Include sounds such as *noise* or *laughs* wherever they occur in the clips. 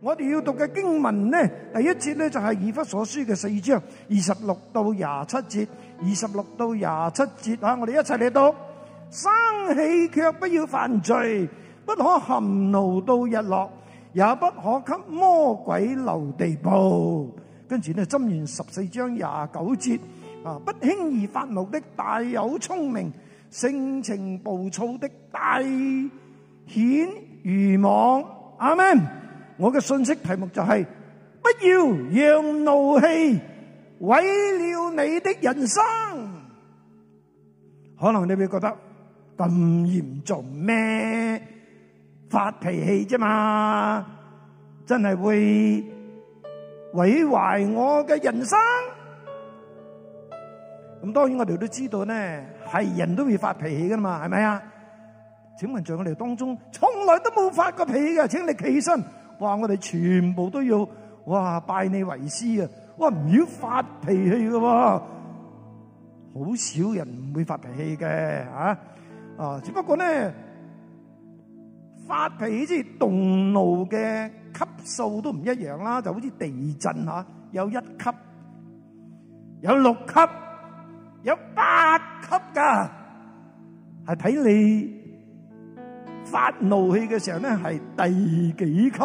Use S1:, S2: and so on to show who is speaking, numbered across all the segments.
S1: 我哋要讀嘅經文呢，第一節呢就係、是、以弗所書嘅四章二十六到廿七節，二十六到廿七節我哋一齊嚟讀，生氣卻不要犯罪，不可含怒到日落，也不可給魔鬼留地步。跟住呢，箴言十四章廿九節啊，不輕易發怒的大有聰明，性情暴躁的大顯愚妄。阿門。我嘅信息題目就係不要讓怒氣毀了你的人生。可能你會覺得咁嚴重咩？發脾氣啫嘛，真係會毀壞我嘅人生。咁當然我哋都知道咧，係人都會發脾氣噶嘛，係咪啊？請問在我哋當中，從來都冇發過脾氣嘅，請你企起身。話我哋全部都要，哇！拜你為師啊！哇！唔要發脾氣噶，好少人唔會發脾氣嘅啊！啊，只不過咧發脾氣、動怒嘅級數都唔一樣啦，就好似地震吓，有一級、有六級、有八級噶，係睇你發怒氣嘅時候咧係第幾級。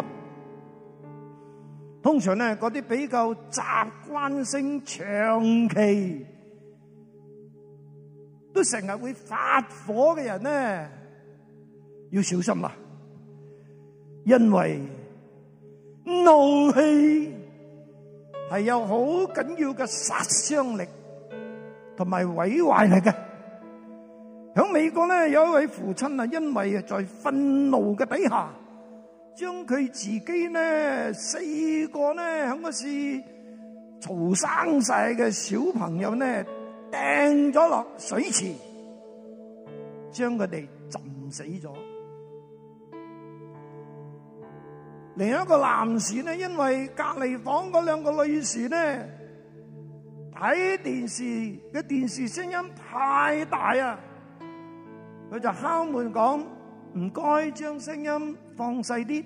S1: 通常咧，嗰啲比較習慣性長期都成日會發火嘅人咧，要小心啦，因為怒氣係有好緊要嘅殺傷力同埋毀壞力嘅。喺美國咧，有一位父親啊，因為在憤怒嘅底下。將佢自己呢四個呢，響個是嘈生晒嘅小朋友呢掟咗落水池，將佢哋浸死咗。另一個男士呢，因為隔離房嗰兩個女士呢睇電視嘅電視聲音太大啊，佢就敲門講。唔該，將聲音放細啲。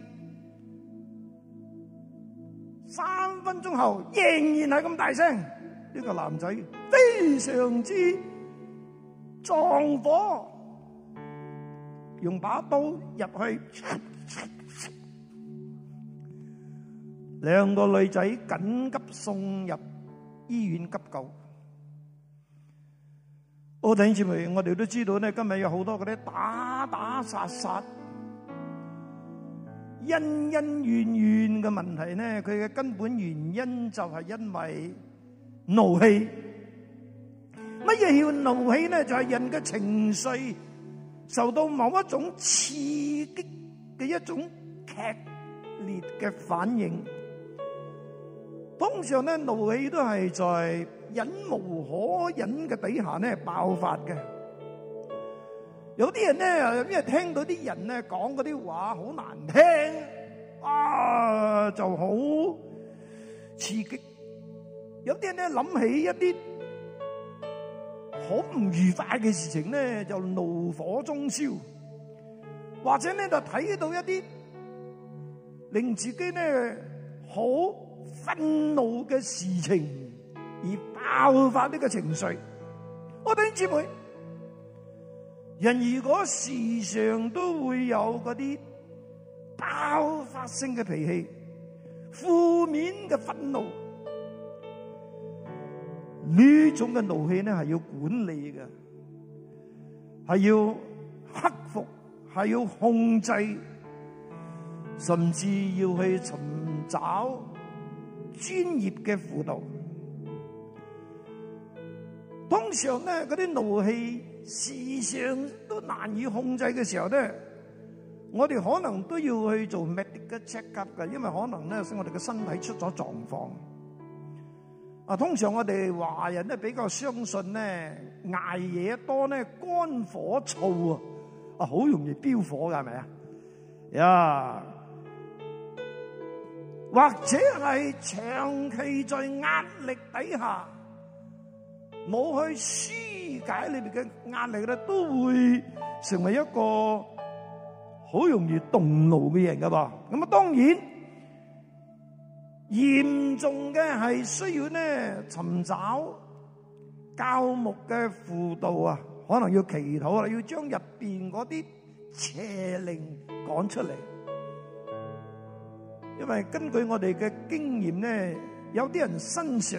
S1: 三分鐘後，仍然係咁大聲，呢個男仔非常之壯火，用把刀入去，兩個女仔緊急送入醫院急救。我弟兄姊妹，我哋都知道咧，今日有好多嗰啲打打殺殺、恩恩怨怨嘅問題咧，佢嘅根本原因就係因為怒氣。乜嘢叫怒氣咧？就係人嘅情緒受到某一種刺激嘅一種劇烈嘅反應。通常咧，怒氣都係在。忍無可忍嘅底下咧爆發嘅，有啲人咧因為聽到啲人咧講啲話好難聽，啊就好刺激；有啲人咧諗起一啲好唔愉快嘅事情咧就怒火中燒，或者咧就睇到一啲令自己咧好憤怒嘅事情而。爆發呢個情緒，我哋姊妹人如果時常都會有啲爆發性嘅脾氣、負面嘅憤怒、這種的怒呢種嘅怒氣咧，係要管理嘅，係要克服，係要控制，甚至要去尋找專業嘅輔導。通常咧，嗰啲怒氣時常都難以控制嘅時候咧，我哋可能都要去做 medical checkup 嘅，因為可能咧使我哋嘅身體出咗狀況。啊，通常我哋華人咧比較相信咧，捱夜多咧，肝火燥啊，啊好容易飆火㗎係咪啊？呀，yeah. 或者係長期在壓力底下。冇去疏解裏邊嘅壓力咧，都會成為一個好容易動怒嘅人噶噃。咁啊，當然嚴重嘅係需要咧尋找教牧嘅輔導啊，可能要祈禱啊，要將入邊嗰啲邪靈趕出嚟。因為根據我哋嘅經驗咧，有啲人身上。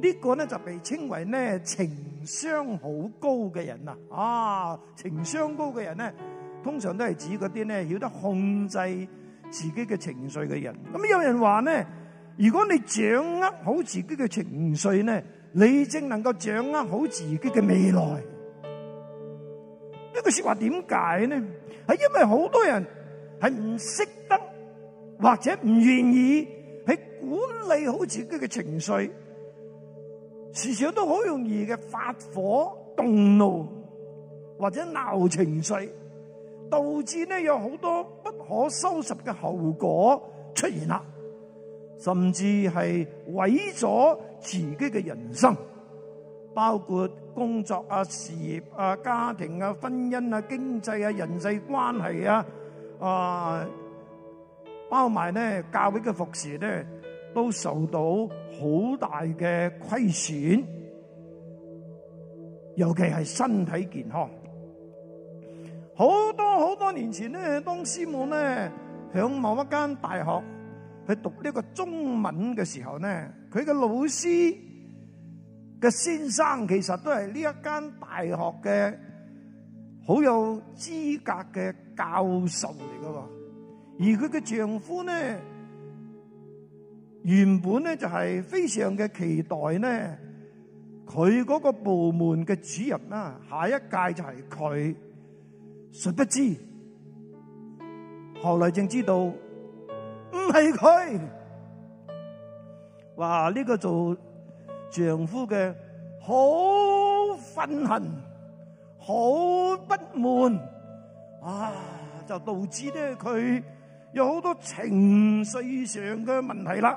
S1: 這個呢個咧就被稱為咧情商好高嘅人啊！啊，情商高嘅人咧，通常都係指嗰啲咧曉得控制自己嘅情緒嘅人。咁有人話咧，如果你掌握好自己嘅情緒咧，你正能夠掌握好自己嘅未來。呢句説話點解呢？係因為好多人係唔識得或者唔願意係管理好自己嘅情緒。時時都好容易嘅發火、動怒或者鬧情緒，導致呢有好多不可收拾嘅後果出現啦，甚至係毀咗自己嘅人生，包括工作啊、事業啊、家庭啊、婚姻啊、經濟啊、人際關係啊，啊，包埋呢教會嘅服侍咧。都受到好大嘅虧損，尤其係身體健康。好多好多年前咧，當師母咧響某一間大學去讀呢個中文嘅時候咧，佢嘅老師嘅先生其實都係呢一間大學嘅好有資格嘅教授嚟噶，而佢嘅丈夫咧。原本咧就係非常嘅期待咧，佢個部門嘅主任啦、啊，下一屆就係佢。誰不知，後來正知道唔係佢，哇呢、這個做丈夫嘅好憤恨、好不滿啊，就導致咧佢有好多情緒上嘅問題啦。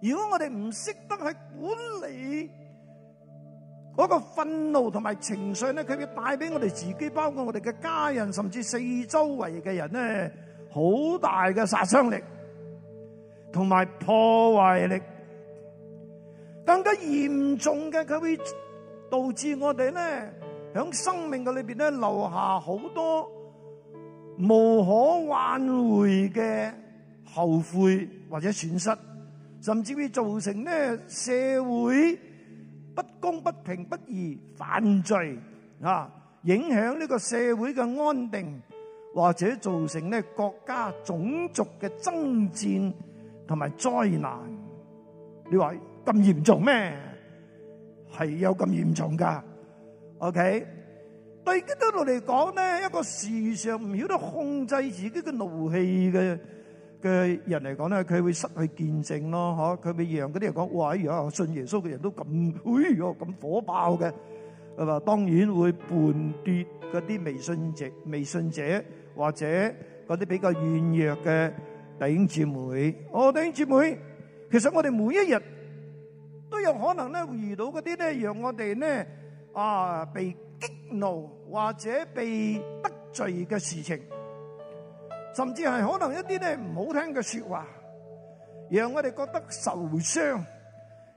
S1: 如果我哋唔識得去管理嗰個憤怒同埋情緒咧，佢會帶俾我哋自己，包括我哋嘅家人，甚至四周圍嘅人咧，好大嘅殺傷力，同埋破壞力。更加嚴重嘅，佢會導致我哋咧響生命嘅裏邊咧留下好多無可挽回嘅後悔或者損失。甚至會造成咧社會不公、不平、不義、犯罪啊，影響呢個社會嘅安定，或者造成咧國家種族嘅爭戰同埋災難。你話咁嚴重咩？係有咁嚴重噶。OK，對基督徒嚟講咧，一個事實唔曉得控制自己嘅怒氣嘅。嘅人嚟講咧，佢會失去見證咯，嗬！佢咪讓嗰啲人講哇，一樣信耶穌嘅人都咁，哎呦咁火爆嘅，係嘛？當然會絆倒嗰啲未信者、未信者或者嗰啲比較軟弱嘅弟兄姊妹。哦，弟兄姊妹，其實我哋每一日都有可能咧遇到嗰啲咧，讓我哋咧啊被激怒或者被得罪嘅事情。甚至係可能一啲咧唔好聽嘅說話，讓我哋覺得受傷，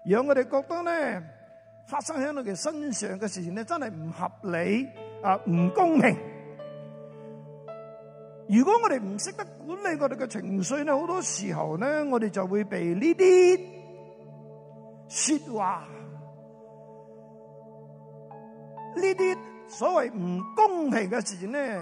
S1: 讓我哋覺得咧發生喺我哋身上嘅事情咧真係唔合理啊，唔公平。如果我哋唔識得管理我哋嘅情緒咧，好多時候咧我哋就會被呢啲說話，呢啲所謂唔公平嘅事情咧。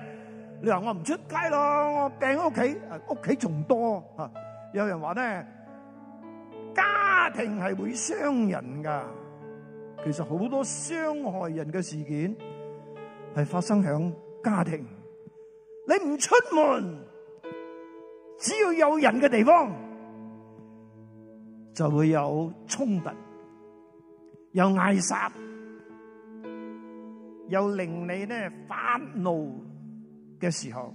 S1: 你話我唔出街咯，我病喺屋企，屋企仲多吓。有人話咧，家庭係會傷人噶。其實好多傷害人嘅事件係發生喺家庭。你唔出門，只要有人嘅地方，就會有衝突，有嗌殺，又令你咧發怒。嘅時候，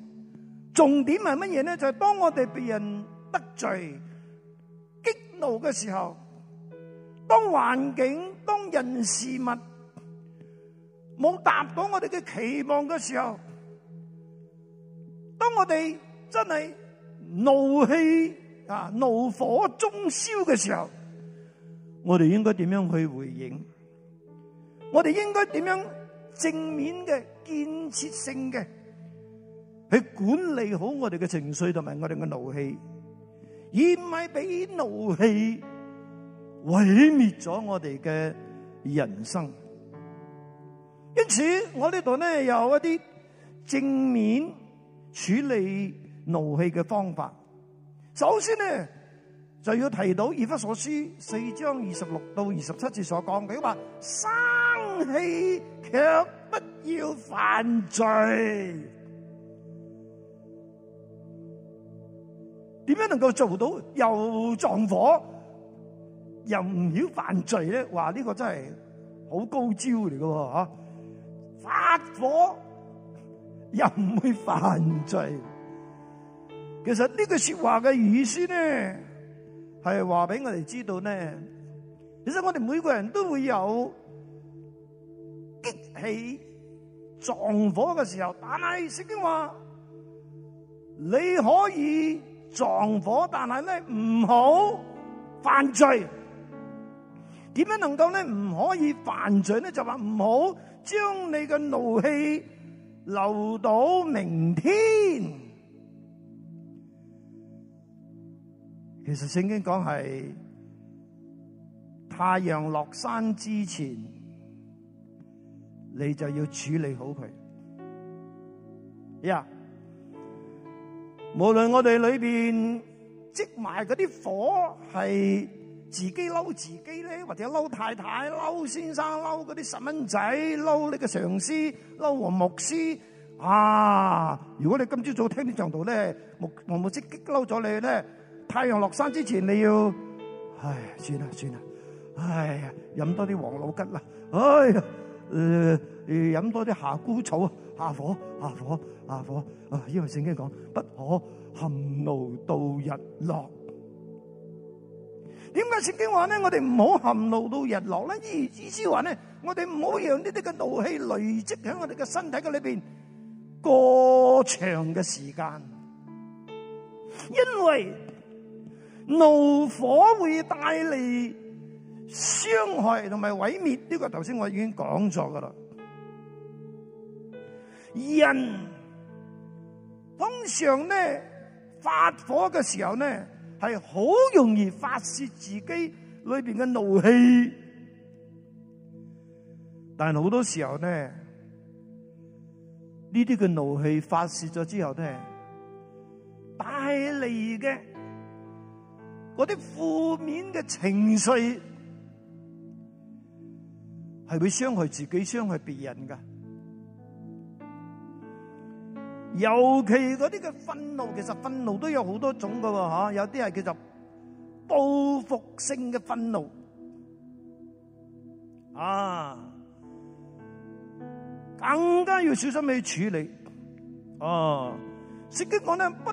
S1: 重點係乜嘢咧？就係、是、當我哋被人得罪、激怒嘅時候，當環境、當人事物冇達到我哋嘅期望嘅時候，當我哋真係怒氣啊、怒火中燒嘅時候，我哋應該點樣去回應？我哋應該點樣正面嘅、建設性嘅，去管理好我哋嘅情緒同埋我哋嘅怒氣，而唔係俾怒氣毀滅咗我哋嘅人生。因此，我呢度咧有一啲正面處理怒氣嘅方法。首先呢，就要提到《以弗所書》四章二十六到二十七節所講嘅話：生氣卻不要犯罪。點樣能夠做到又撞火又唔要犯罪咧？話呢個真係好高招嚟㗎喎，吓發火又唔會犯罪。其實呢句說話嘅意思呢，係話俾我哋知道呢。其實我哋每個人都會有激氣撞火嘅時候，但係聖經話你可以。撞火，但係咧唔好犯罪。點樣能夠咧唔可以犯罪咧？就話唔好將你嘅怒氣留到明天。其實聖經講係太陽落山之前，你就要處理好佢。呀、yeah！無論我哋裏邊積埋嗰啲火，係自己嬲自己咧，或者嬲太太、嬲先生、嬲嗰啲細蚊仔、嬲呢個上司、嬲黃牧師啊！如果你今朝早，早聽啲講道咧，黃牧師激嬲咗你咧，太陽落山之前你要，唉，算啦算啦，唉，飲多啲王老吉啦，唉，誒、呃，飲多啲夏枯草啊，下火。阿火，阿火，啊，因為聖經講不可含怒到日落。點解聖經話呢？我哋唔好含怒到日落咧？意意思話呢？我哋唔好讓呢啲嘅怒氣累積喺我哋嘅身體嘅裏邊過長嘅時間，因為怒火會帶嚟傷害同埋毀滅。呢個頭先我已經講咗噶啦。人通常咧發火嘅時候咧係好容易發洩自己裏邊嘅怒氣，但係好多時候呢，呢啲嘅怒氣發洩咗之後，咧，係帶嚟嘅啲負面嘅情緒，係會傷害自己、傷害別人噶。尤其嗰啲嘅憤怒，其實憤怒都有好多種嘅喎，啊，有啲係叫做報復性嘅憤怒啊，更加要小心去處理。啊，聖經講咧不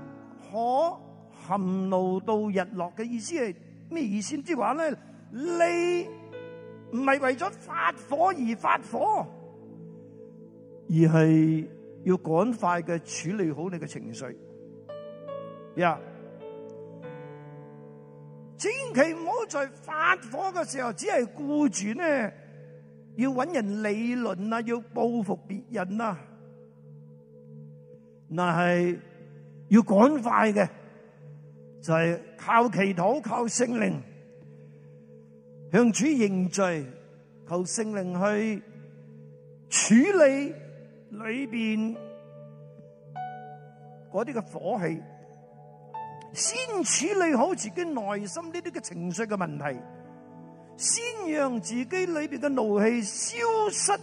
S1: 可含怒到日落嘅意思係咩意思？即係話咧，你唔係為咗發火而發火，而係，要趕快嘅處理好你嘅情緒，呀，千祈唔好在發火嘅時候，只係顧住呢，要揾人理論啊，要報復別人啊，但係要趕快嘅，就係靠祈禱、靠聖靈，向主認罪，求聖靈去處理。裏邊嗰啲嘅火氣，先處理好自己內心呢啲嘅情緒嘅問題，先讓自己裏邊嘅怒氣消失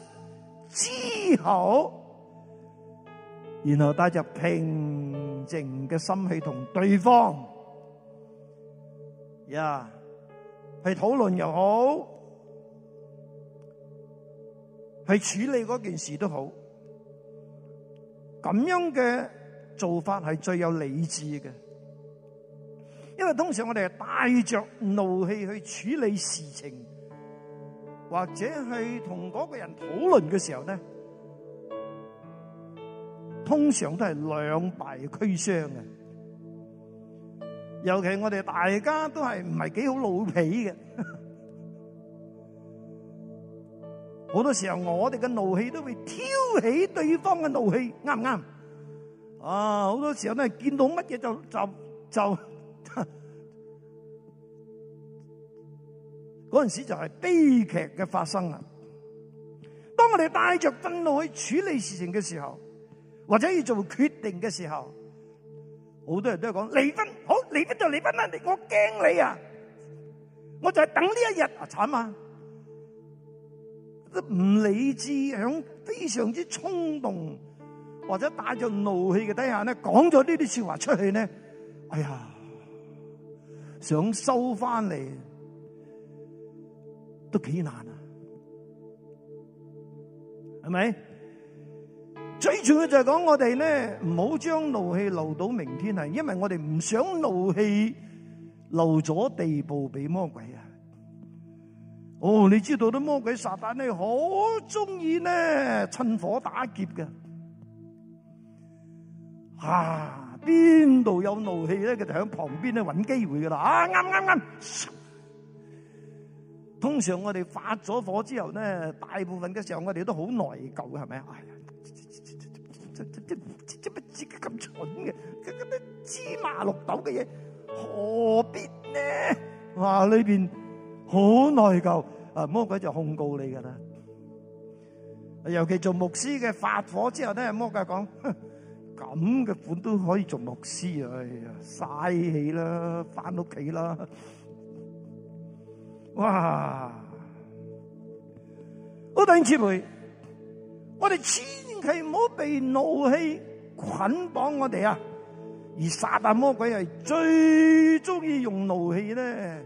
S1: 之後，然後帶着平靜嘅心去同對方，呀，去討論又好，去處理嗰件事都好。咁樣嘅做法係最有理智嘅，因為通常我哋係帶着怒氣去處理事情，或者係同嗰個人討論嘅時候咧，通常都係兩敗俱傷嘅，尤其我哋大家都係唔係幾好老脾嘅。好多時候我哋嘅怒氣都會挑起對方嘅怒氣，啱唔啱？啊，好多時候咧見到乜嘢就就就嗰陣 *laughs* 時就係悲劇嘅發生啊！當我哋帶着憤怒去處理事情嘅時候，或者要做決定嘅時候，好多人都係講離婚，好離婚就離婚啦！你我驚你啊！我就係等呢一日啊，慘啊！都唔理智，響非常之衝動或者帶着怒氣嘅底下咧，講咗呢啲說話出去咧，哎呀，想收翻嚟都幾難啊，係咪？最重要就係講我哋咧，唔好將怒氣留到明天啊，因為我哋唔想怒氣留咗地步俾魔鬼啊。哦，oh，你知道啲魔鬼撒旦咧，好中意咧趁火打劫嘅，啊。啊，邊度有怒氣咧？佢就喺旁邊咧揾機會噶啦。啊，啱啱啱。通常我哋發咗火之後咧，大部分嘅時候我哋都好內疚嘅，係咪啊？哎呀，即即即即即即咩？自己咁蠢嘅，嗰啲、so、芝麻綠豆嘅嘢，何必咧？哇、啊，呢邊。好內疚，誒，魔鬼就控告你噶啦。尤其做牧師嘅發火之後咧，魔鬼講咁嘅款都可以做牧師，哎呀，嘥氣啦，翻屋企啦。哇！好頂黐背，我哋千祈唔好被怒氣捆綁我哋啊！而撒但魔鬼係最中意用怒氣咧。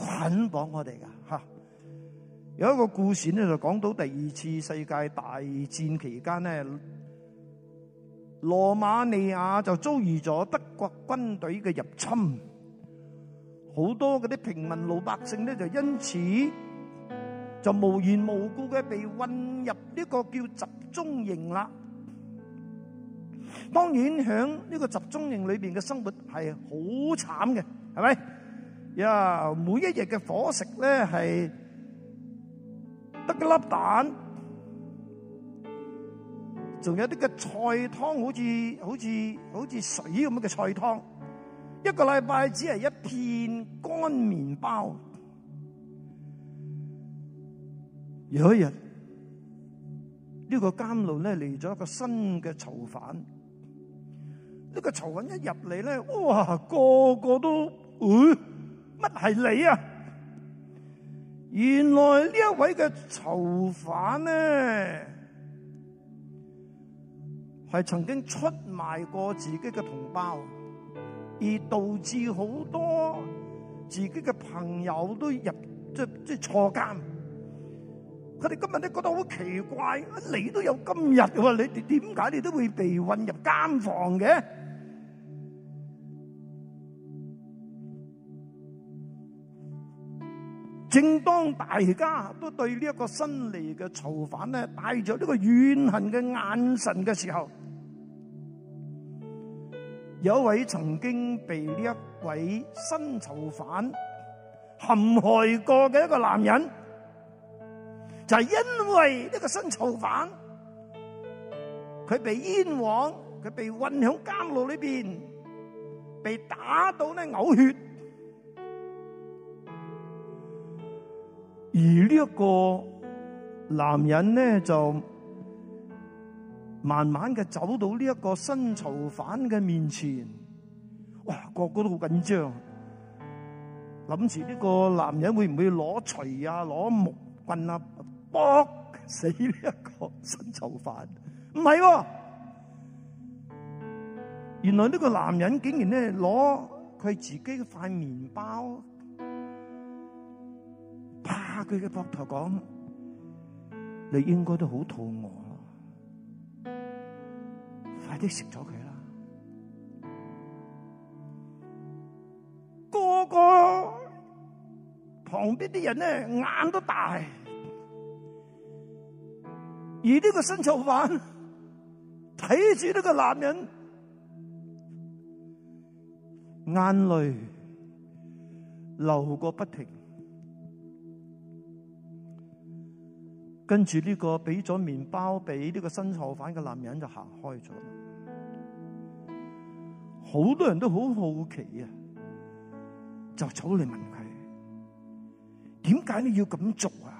S1: 捆綁我哋噶吓，有一個故事咧就講到第二次世界大戰期間咧，羅馬尼亞就遭遇咗德國軍隊嘅入侵，好多嗰啲平民老百姓咧就因此就無緣無故嘅被混入呢個叫集中營啦。當然喺呢個集中營裏邊嘅生活係好慘嘅，係咪？呀，yeah, 每一日嘅伙食咧係得一粒蛋，仲有啲嘅菜湯，好似好似好似水咁嘅菜湯。一個禮拜只係一片乾麵包。有一日，這個、監呢個監獄咧嚟咗一個新嘅囚犯，呢、這個囚犯一入嚟咧，哇，個個都，嗯、欸。乜係你啊？原來呢一位嘅囚犯咧，係曾經出賣過自己嘅同胞，而導致好多自己嘅朋友都入，即係即係坐監。佢哋今日都覺得好奇怪，你都有今日嘅喎，你點解你都會被混入監房嘅？正當大家都對呢一個新嚟嘅囚犯咧，帶着呢個怨恨嘅眼神嘅時候，有一位曾經被呢一位新囚犯陷害過嘅一個男人，就係、是、因為呢個新囚犯，佢被冤枉，佢被運響監牢裏邊，被打到咧嘔血。而呢一個男人咧，就慢慢嘅走到呢一個新囚犯嘅面前，哇，個個都好緊張，諗住呢個男人會唔會攞錘啊、攞木棍啊，搏死呢一個新囚犯？唔係啊，原來呢個男人竟然咧攞佢自己嘅塊麵包。怕佢嘅膊頭講，你應該都好肚餓，快啲食咗佢啦！個個旁邊啲人咧眼都大，而呢個新囚犯睇住呢個男人，眼淚流個不停。跟住呢個俾咗麵包俾呢個新造反嘅男人就行開咗，好多人都好好奇啊，就走嚟問佢，點解你要咁做啊？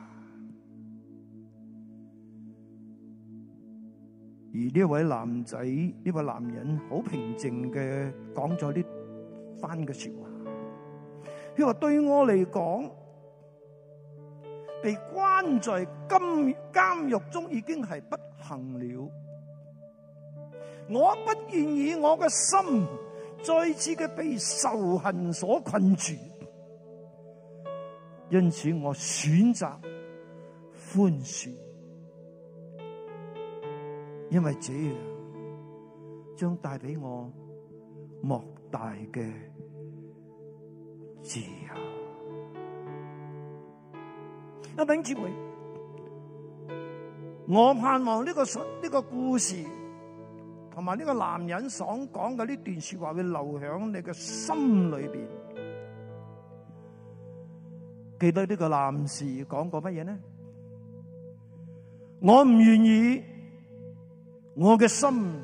S1: 而呢位男仔，呢位男人好平靜嘅講咗啲番嘅說話，佢話對我嚟講。.被關在監監獄中已經係不幸了，我不願意我嘅心再次嘅被仇恨所困住，因此我選擇寬恕，因為這樣將帶俾我莫大嘅自由。阿炳姐，我盼望呢個呢個故事，同埋呢個男人所講嘅呢段說話，會留響你嘅心裏邊。記得呢個男士講過乜嘢呢？我唔願意，我嘅心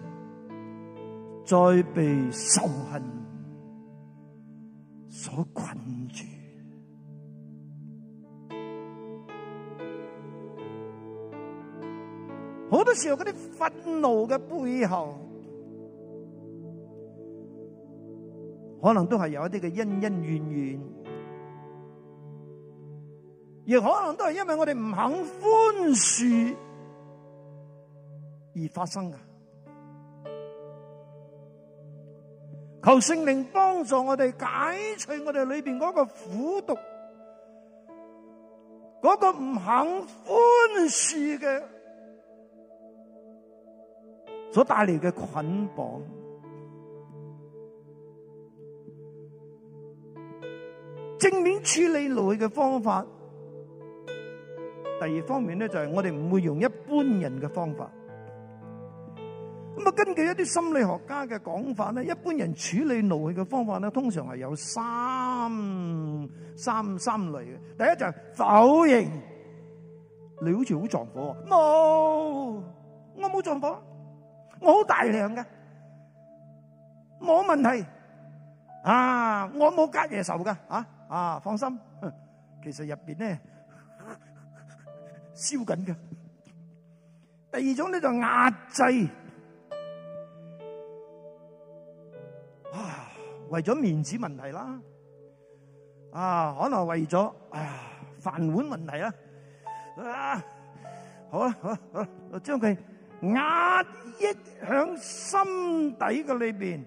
S1: 再被仇恨所困住。好多時候嗰啲憤怒嘅背後，可能都係有一啲嘅恩恩怨怨，亦可能都係因為我哋唔肯寬恕而發生嘅。求聖靈幫助我哋解除我哋裏邊嗰個苦毒，嗰個唔肯寬恕嘅。所帶嚟嘅捆綁，正面處理怒氣嘅方法。第二方面咧就係我哋唔會用一般人嘅方法。咁啊，根據一啲心理學家嘅講法咧，一般人處理怒氣嘅方法咧，通常係有三三三類嘅。第一就係否認，你好似好撞火，冇，我冇撞火。No, 我好大量嘅，冇問題啊！我冇隔夜仇嘅，啊啊，放心。其實入邊呢燒緊嘅。第二種呢就壓制，啊，為咗面子問題啦，啊，可能為咗哎呀飯碗問題啦，啊，好啦好啦好啦，我將佢。壓抑響心底嘅裏邊，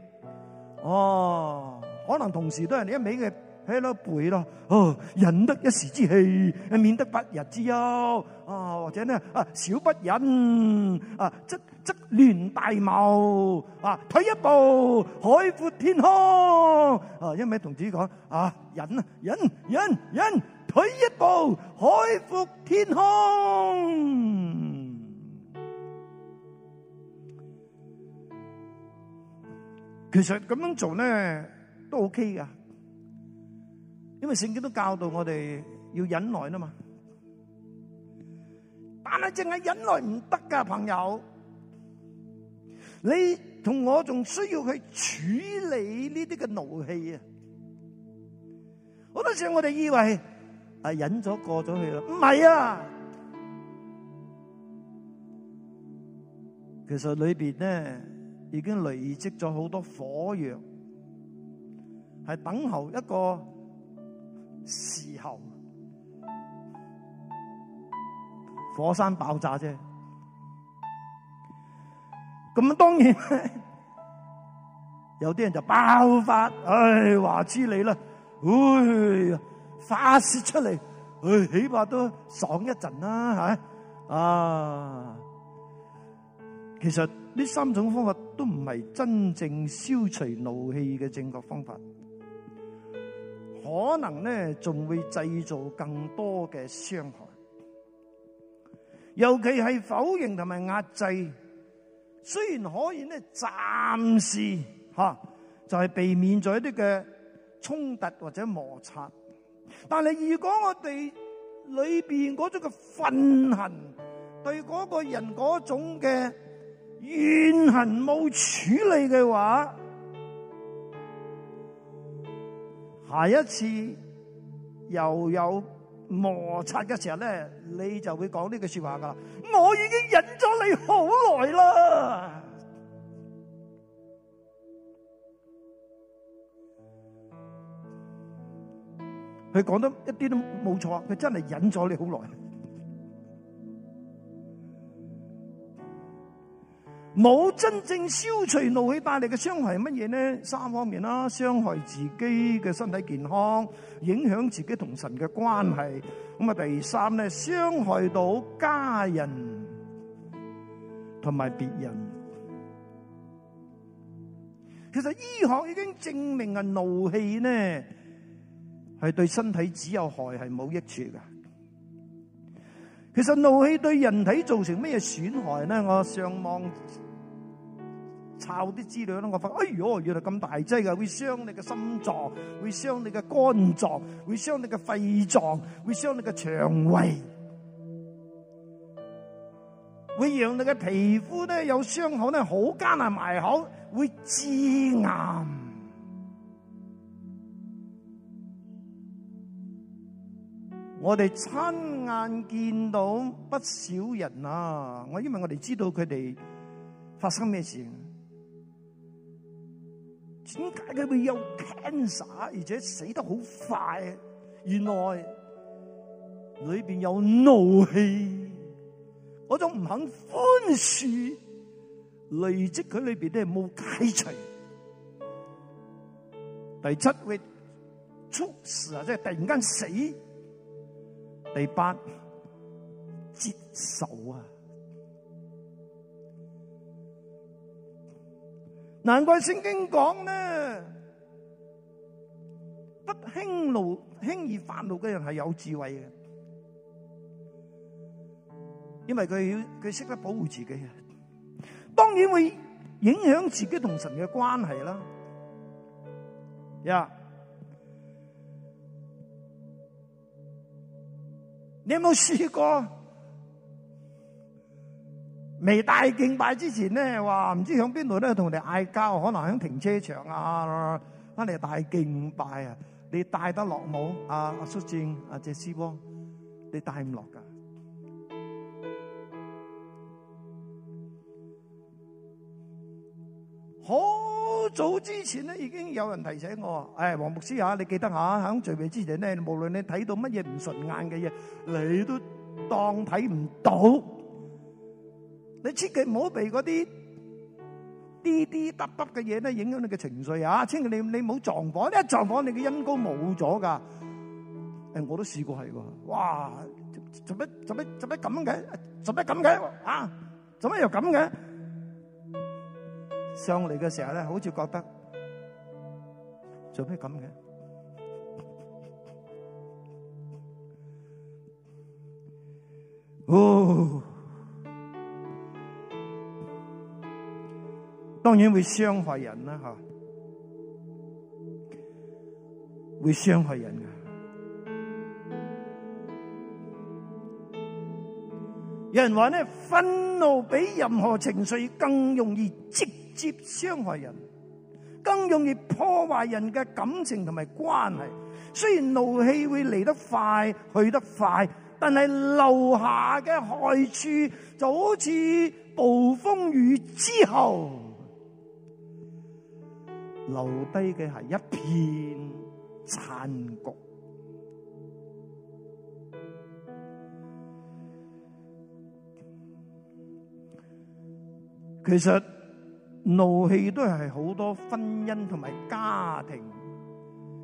S1: 哦，可能同時都係你一味嘅喺度背咯。哦，忍得一時之氣，免得百日之憂。哦，或者呢，啊，小不忍啊，則則亂大謀啊，退一步海闊天空。啊，一味同志講啊，忍啊忍忍忍，忍，退一步海闊天空。其實咁樣做咧都 OK 噶，因為聖經都教導我哋要忍耐啦嘛。但係淨係忍耐唔得噶，朋友，你同我仲需要去處理呢啲嘅怒氣啊！好多時我哋以為啊忍咗過咗去啦，唔係啊。其實裏邊咧。已經累積咗好多火藥，係等候一個時候火山爆炸啫。咁啊，當然有啲人就爆發，唉，話之你啦，唉，發洩出嚟，唉，起碼都爽一陣啦，吓啊。其實呢三種方法，都唔係真正消除怒氣嘅正確方法，可能咧仲會製造更多嘅傷害，尤其係否認同埋壓制，雖然可以咧暫時吓，就係、是、避免咗一啲嘅衝突或者摩擦，但係如果我哋裏邊嗰種嘅憤恨，對嗰個人嗰種嘅。怨恨冇處理嘅話，下一次又有摩擦嘅時候咧，你就會講呢句說話噶啦。我已經忍咗你好耐啦。佢講得一啲都冇錯，佢真係忍咗你好耐。冇真正消除怒氣帶嚟嘅傷害係乜嘢咧？三方面啦，傷害自己嘅身體健康，影響自己同神嘅關係。咁啊，第三咧，傷害到家人同埋別人。其實醫學已經證明啊，怒氣呢係對身體只有害，係冇益處嘅。其實怒氣對人體造成咩損害咧？我上網炒啲資料咧，我發現哎呦，原來咁大劑㗎，會傷你嘅心臟，會傷你嘅肝臟，會傷你嘅肺臟，會傷你嘅腸胃，會讓你嘅皮膚咧有傷口咧，好艱難埋口，會致癌。我哋親眼見到不少人啊！我因為我哋知道佢哋發生咩事。點解佢會有 cancer，而且死得好快？原來裏邊有怒氣，嗰種唔肯寬恕，累積佢裏邊都係冇解除。第七會猝死啊，即係突然間死。第八接受啊。難怪聖經講咧，不輕怒、輕易發怒嘅人係有智慧嘅，因為佢要佢識得保護自己嘅，當然會影響自己同神嘅關係啦。呀、yeah.，你有冇試過？未帶敬拜之前咧，哇！唔知響邊度咧同你嗌交，可能響停車場啊，翻嚟帶敬拜啊，你帶得落冇？阿阿叔正、阿、啊、謝思光，你帶唔落噶？好早之前咧，已經有人提醒我：，誒、哎，黃牧師啊，你記得下，喺聚會之前咧，無論你睇到乜嘢唔順眼嘅嘢，你都當睇唔到。你千祈唔好被嗰啲滴滴嗒嗒嘅嘢咧影響你嘅情緒啊！千祈你你唔好撞火，一撞火你嘅陰功冇咗噶。誒，我都試過係喎，哇！做咩做咩做咩咁嘅？做咩咁嘅？啊？做咩又咁嘅？上嚟嘅時候咧，好似覺得做咩咁嘅？哦！當然會傷害人啦，吓，會傷害人嘅。有人話咧，憤怒比任何情緒更容易直接傷害人，更容易破壞人嘅感情同埋關係。雖然怒氣會嚟得快，去得快，但係留下嘅害處就好似暴風雨之後。留低嘅係一片殘局。其實怒氣都係好多婚姻同埋家庭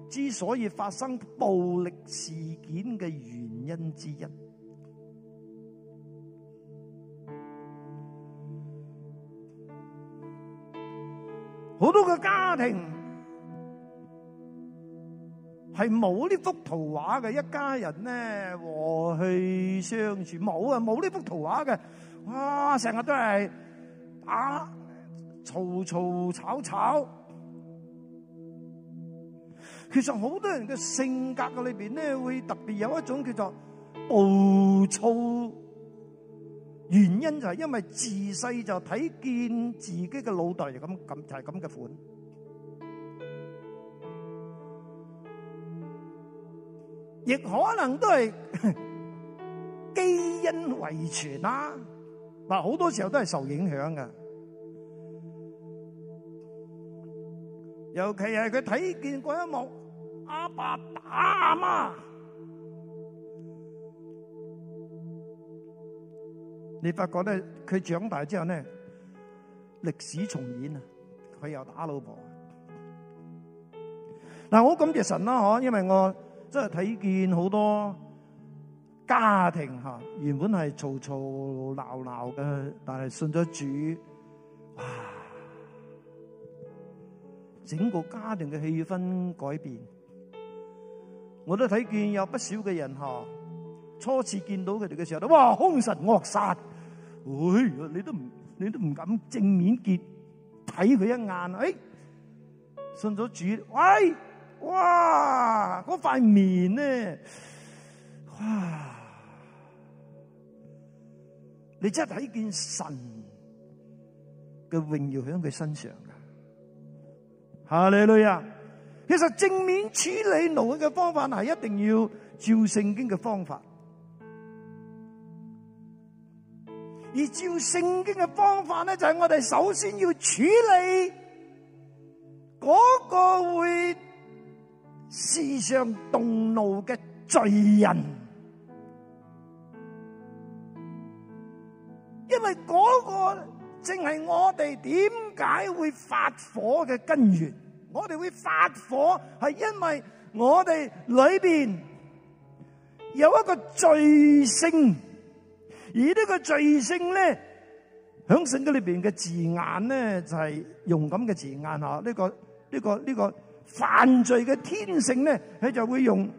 S1: 之所以發生暴力事件嘅原因之一。好多個家庭係冇呢幅圖畫嘅，一家人呢和氣相處，冇啊，冇呢幅圖畫嘅，哇成日都係啊嘈嘈吵吵炒炒。其實好多人嘅性格嘅裏邊呢，會特別有一種叫做暴躁。原因就係因為自細就睇見自己嘅腦袋就咁咁就係咁嘅款，亦可能都係基因遺傳啦、啊。嗱，好多時候都係受影響㗎，尤其係佢睇見嗰一幕阿爸打阿媽。你發覺咧，佢長大之後咧，歷史重演啊！佢又打老婆啊！嗱，我感謝神啦，嗬，因為我真係睇見好多家庭吓，原本係嘈嘈鬧鬧嘅，但係信咗主，哇！整個家庭嘅氣氛改變，我都睇見有不少嘅人吓，初次見到佢哋嘅時候都哇兇神惡煞。哎，你都唔，你都唔敢正面結睇佢一眼，哎，信咗主，喂，哇，嗰塊面咧，哇，你真係睇見神嘅榮耀響佢身上噶。吓你女啊，其實正面處理怒嘅方法係一定要照聖經嘅方法。而照聖經嘅方法咧，就係我哋首先要處理嗰個會時常動怒嘅罪人，因為嗰個正係我哋點解會發火嘅根源。我哋會發火係因為我哋裏邊有一個罪性。而呢個罪性咧，喺聖經裏邊嘅字眼咧，就係、是、用咁嘅字眼嚇，呢、呢個呢、呢個呢、呢個犯罪嘅天性咧，佢就會用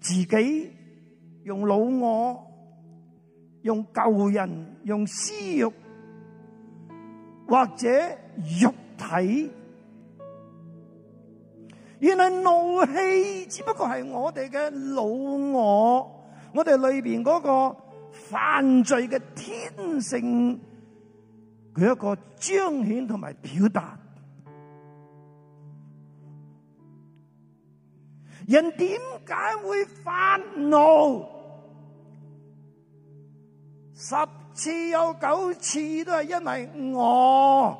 S1: 自己、用老我、用舊人、用私欲或者肉體。原來怒氣只不過係我哋嘅老我。我哋裏邊嗰個犯罪嘅天性，佢一個彰顯同埋表達。人點解會發怒？十次有九次都係因為我，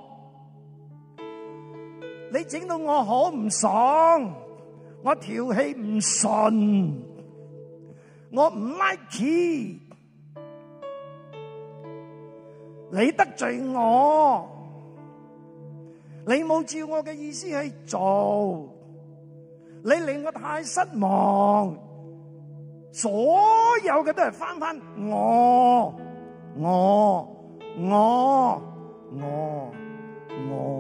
S1: 你整到我好唔爽，我條氣唔順。我唔 like 你，得罪我，你冇照我嘅意思去做，你令我太失望，所有嘅都係返返我，我，我，我，我。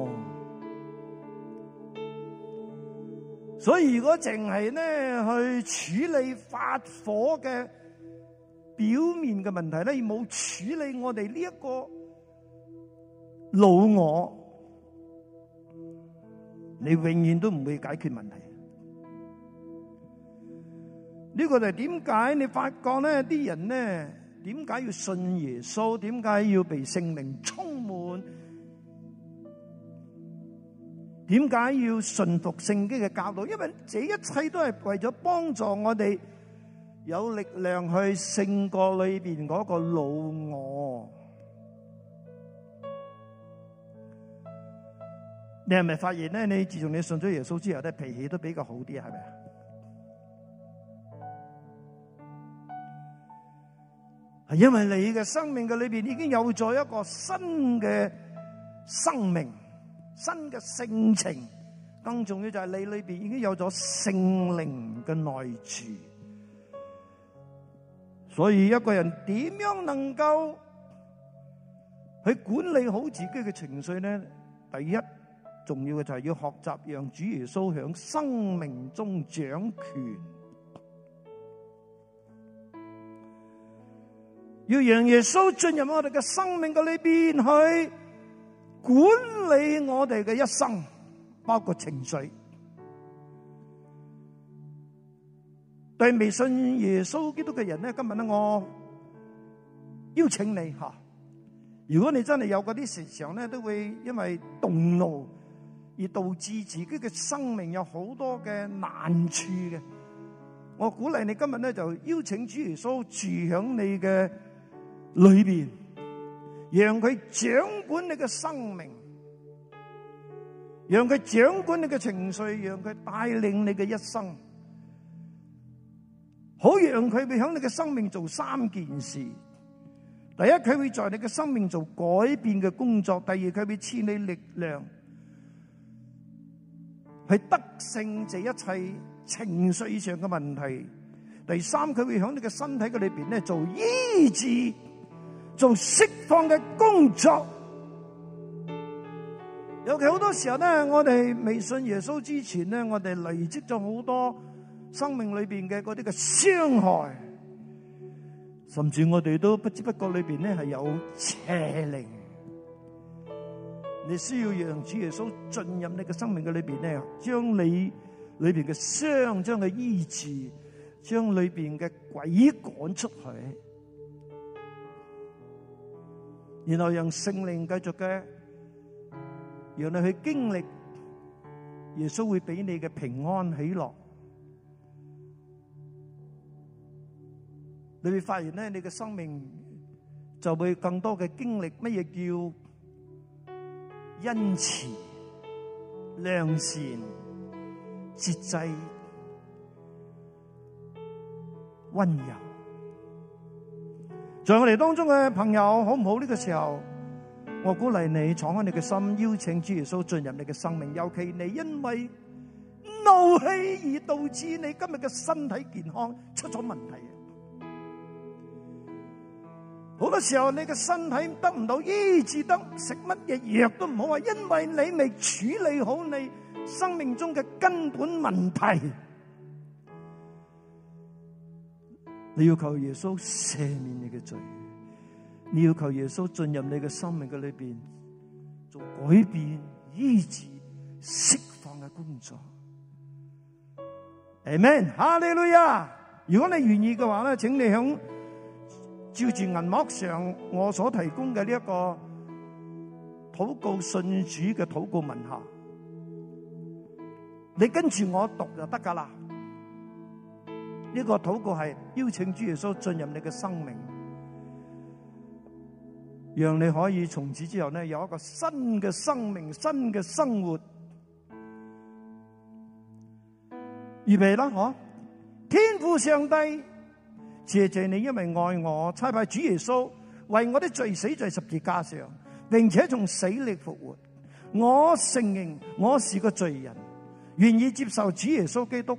S1: 所以如果淨係咧去處理發火嘅表面嘅問題咧，而冇處理我哋呢一個老我，你永遠都唔會解決問題。呢個就係點解你發覺咧啲人咧，點解要信耶穌，點解要被聖靈充滿？點解要順服聖經嘅教導？因為這一切都係為咗幫助我哋有力量去勝過裏邊嗰個老我。你係咪發現咧？你自從你信咗耶穌之後咧，脾氣都比較好啲，係咪啊？係因為你嘅生命嘅裏邊已經有咗一個新嘅生命。新嘅性情，更重要就係你裏邊已經有咗聖靈嘅內住，所以一個人點樣能夠去管理好自己嘅情緒咧？第一重要嘅就係要學習讓主耶穌響生命中掌權，要讓耶穌進入我哋嘅生命嘅裏邊去。管理我哋嘅一生，包括情緒。對未信耶穌基督嘅人咧，今日咧我邀請你吓。如果你真係有啲時常咧，都會因為動怒而導致自己嘅生命有好多嘅難處嘅。我鼓勵你今日咧就邀請主耶穌住響你嘅裏邊。讓佢掌管你嘅生命，讓佢掌管你嘅情緒，讓佢帶領你嘅一生，好讓佢會響你嘅生命做三件事。第一，佢會在你嘅生命做改變嘅工作；第二，佢會賜你力量去得勝這一切情緒上嘅問題；第三，佢會響你嘅身體嘅裏邊咧做醫治。做釋放嘅工作，尤其好多時候咧，我哋未信耶穌之前咧，我哋累積咗好多生命裏邊嘅嗰啲嘅傷害，甚至我哋都不知不覺裏邊咧係有邪靈，你需要讓主耶穌進入你嘅生命嘅裏邊咧，將你裏邊嘅傷，將佢醫治，將裏邊嘅鬼趕出去。然後讓聖靈繼續嘅，讓你去經歷，耶穌會俾你嘅平安喜樂，你會發現咧，你嘅生命就會更多嘅經歷乜嘢叫恩慈、良善、節制、溫柔。在我哋當中嘅朋友，好唔好？呢個時候，我鼓勵你敞開你嘅心，邀請主耶穌進入你嘅生命。尤其你因為怒氣而導致你今日嘅身體健康出咗問題，好多時候你嘅身體得唔到醫治，得食乜嘢藥都唔好啊，因為你未處理好你生命中嘅根本問題。你要求耶穌赦免你嘅罪，你要求耶穌進入你嘅生命嘅裏邊做改變、醫治、釋放嘅工作。Amen。哈利路亞！如果你願意嘅話咧，請你響照住銀幕上我所提供嘅呢一個禱告信主嘅禱告文下，你跟住我讀就得噶啦。呢個禱告係邀請主耶穌進入你嘅生命，讓你可以從此之後呢有一個新嘅生命、新嘅生活。預備啦，嗬！天父上帝，謝謝你，因為愛我，差派主耶穌為我的罪死在十字架上，並且從死裏復活。我承認我是個罪人，願意接受主耶穌基督。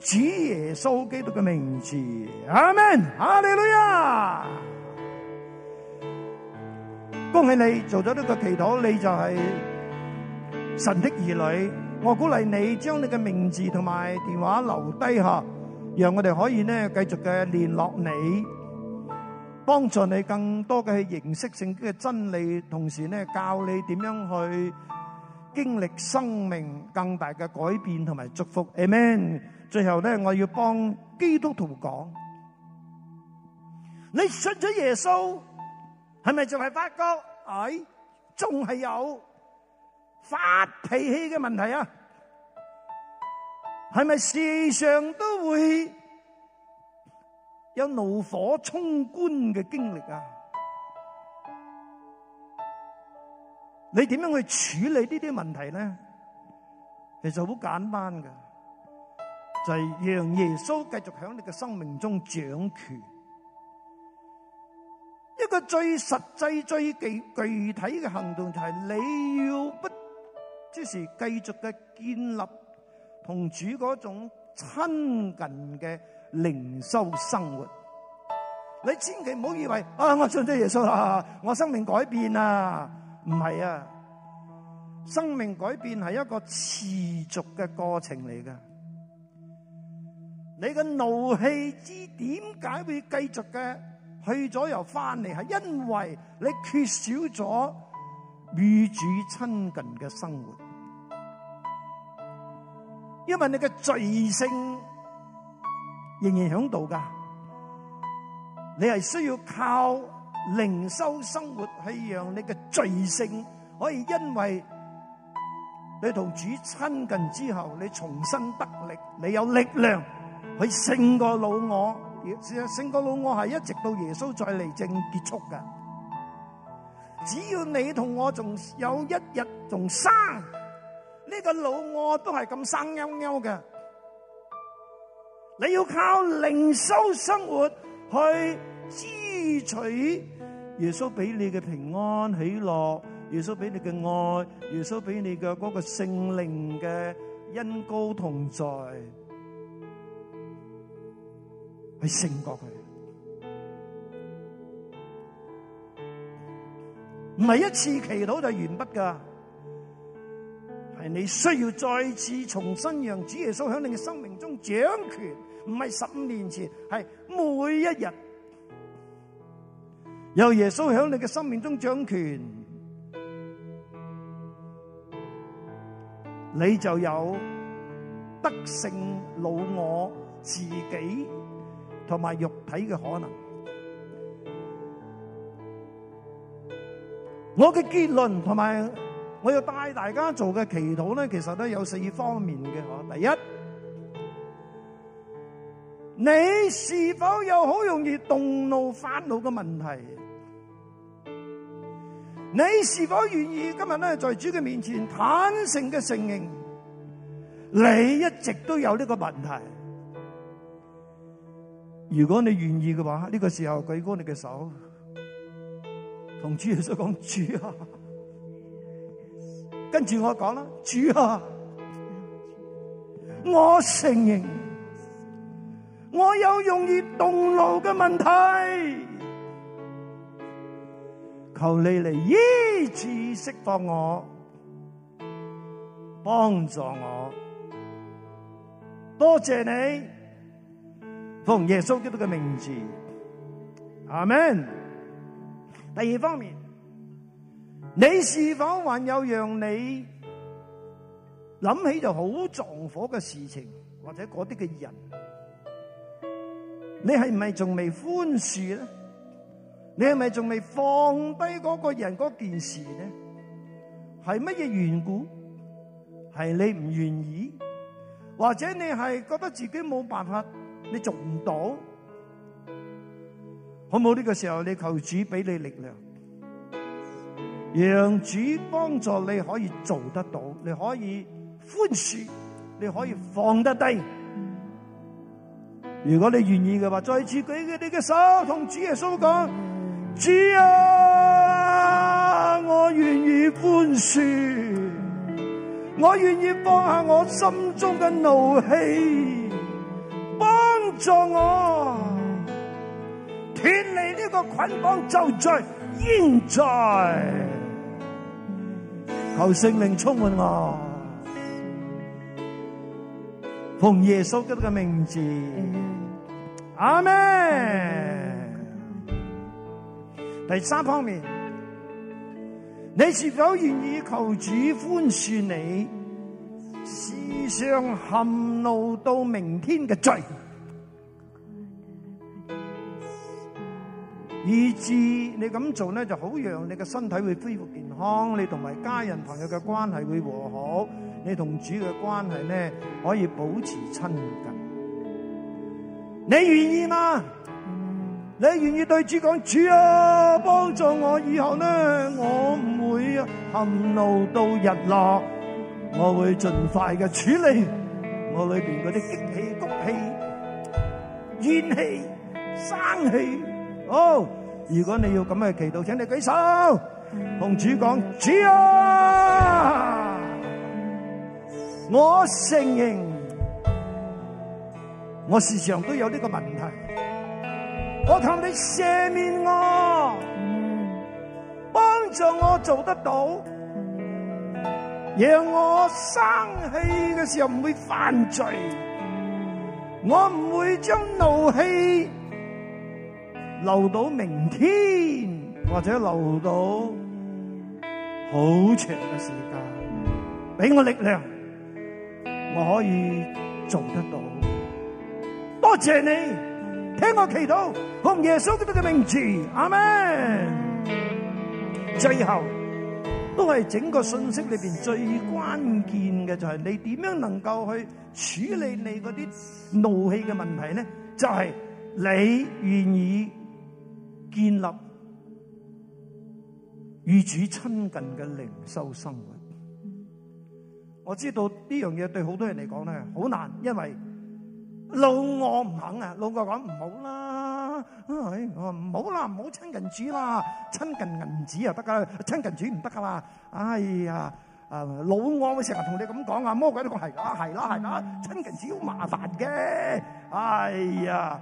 S1: 主耶穌基督嘅名字，阿門！哈利路亞，恭喜你做咗呢個祈禱，你就係神的兒女。我鼓勵你將你嘅名字同埋電話留低吓，讓我哋可以呢，繼續嘅聯絡你，幫助你更多嘅認識性嘅真理，同時呢教你點樣去經歷生命更大嘅改變，同埋祝福。阿門。最後咧，我要幫基督徒講：你信咗耶穌，係咪就係發覺，哎，仲係有發脾氣嘅問題啊？係咪時常都會有怒火沖冠嘅經歷啊？你點樣去處理呢啲問題咧？其實好簡單噶。就係讓耶穌繼續喺你嘅生命中掌權。一個最實際、最具具體嘅行動，就係你要不即時繼續嘅建立同主嗰種親近嘅靈修生活。你千祈唔好以為啊，我信咗耶穌啦、啊，我生命改變啦啊！」唔係啊，生命改變係一個持續嘅過程嚟㗎。你嘅怒氣之點解會繼續嘅去咗又翻嚟？係因為你缺少咗與主親近嘅生活，因為你嘅罪性仍然響度㗎。你係需要靠靈修生活去讓你嘅罪性可以因為你同主親近之後，你重新得力，你有力量。佢勝過老我，勝勝過老我係一直到耶穌再嚟，正結束噶。只要你同我仲有一日仲生，呢個老我都係咁生勾勾嘅。你要靠靈修生活去支取耶穌俾你嘅平安喜樂，耶穌俾你嘅愛，耶穌俾你嘅嗰個聖靈嘅恩膏同在。係勝過佢，唔係一次祈禱就係完畢噶，係你需要再次重新讓主耶穌響你嘅生命中掌權，唔係十五年前，係每一日由耶穌響你嘅生命中掌權，你就有得勝老我自己。同埋肉體嘅可能，我嘅結論同埋我要帶大家做嘅祈禱咧，其實都有四方面嘅。第一，你是否有好容易動怒、煩惱嘅問題？你是否願意今日咧在主嘅面前坦誠嘅承認，你一直都有呢個問題？如果你願意嘅話，呢個時候舉高你嘅手，同主耶穌講，主啊，跟住我講啦，主啊，我承認我有容易動怒嘅問題，求你嚟醫治釋放我，幫助我，多謝你。奉耶穌基督嘅名字，阿門。第二方面，你是否還有讓你諗起就好撞火嘅事情，或者啲嘅人？你係唔係仲未寬恕咧？你係咪仲未放低個人那件事咧？係乜嘢緣故？係你唔願意，或者你係覺得自己冇辦法？你做唔到，好唔好呢？這個時候，你求主俾你力量，讓主幫助你可以做得到，你可以寬恕，你可以放得低。如果你願意嘅話，再次舉起你嘅手，同主耶穌講：主啊，我願意寬恕，我願意放下我心中嘅怒氣。助我脫離呢個捆綁，就在現在。求聖靈充滿我，奉耶穌基督嘅名字，阿咩、嗯？嗯嗯嗯、第三方面，你是否願意求主寬恕你，思想，含怒到明天嘅罪？以至你咁做咧，就好讓你嘅身體會恢復健康，你同埋家人朋友嘅關係會和好，你同主嘅關係咧可以保持親近。你願意嗎？你願意對主講，主啊，幫助我以後咧，我唔會含怒到日落，我會盡快嘅處理我裏邊嗰啲激氣、谷氣、怨氣、生氣。好，如果你要咁嘅祈禱，請你舉手，同主講，主啊！我承認，我時常都有呢個問題，我求你赦免我，幫助我做得到，讓我生氣嘅時候唔會犯罪，我唔會將怒氣。留到明天，或者留到好長嘅時間，俾我力量，我可以做得到。多謝你，聽我祈禱，奉耶穌基督嘅名字，阿門。最後，都係整個信息裏邊最關鍵嘅就係你點樣能夠去處理你嗰啲怒氣嘅問題咧？就係、是、你願意。建立與主親近嘅靈修生活。我知道呢樣嘢對好多人嚟講咧好難，因為老我唔肯啊！老、哎、我講唔好啦，唔好啦，唔好親近主啦，親近銀紙啊得噶，親近主唔得噶啦！哎呀，啊老我會成日同你咁講啊，魔鬼都講係啦，係啦，係啦，親近主好麻煩嘅，哎呀，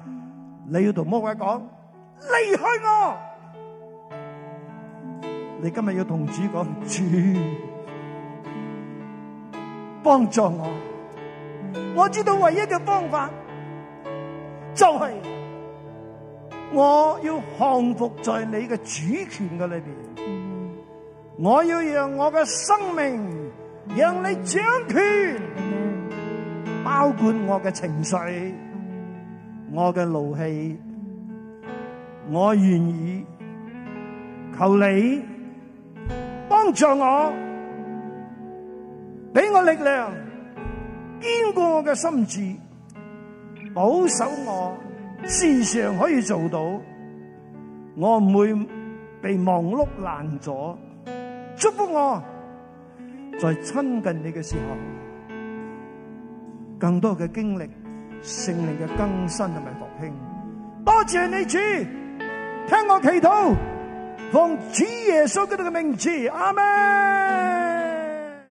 S1: 你要同魔鬼講。離開我。你今日要同主講，主幫助我，我知道唯一嘅方法就係我要降服在你嘅主權嘅裏邊，我要讓我嘅生命讓你掌權，包括我嘅情緒，我嘅怒氣。我願意求你幫助我，俾我力量堅固我嘅心智，保守我，事實上可以做到，我唔會被忙碌爛咗。祝福我在親近你嘅時候，更多嘅經歷，勝利嘅更新，同埋復興。多謝你主。聽我祈禱，奉主耶穌嘅呢個名字，阿門。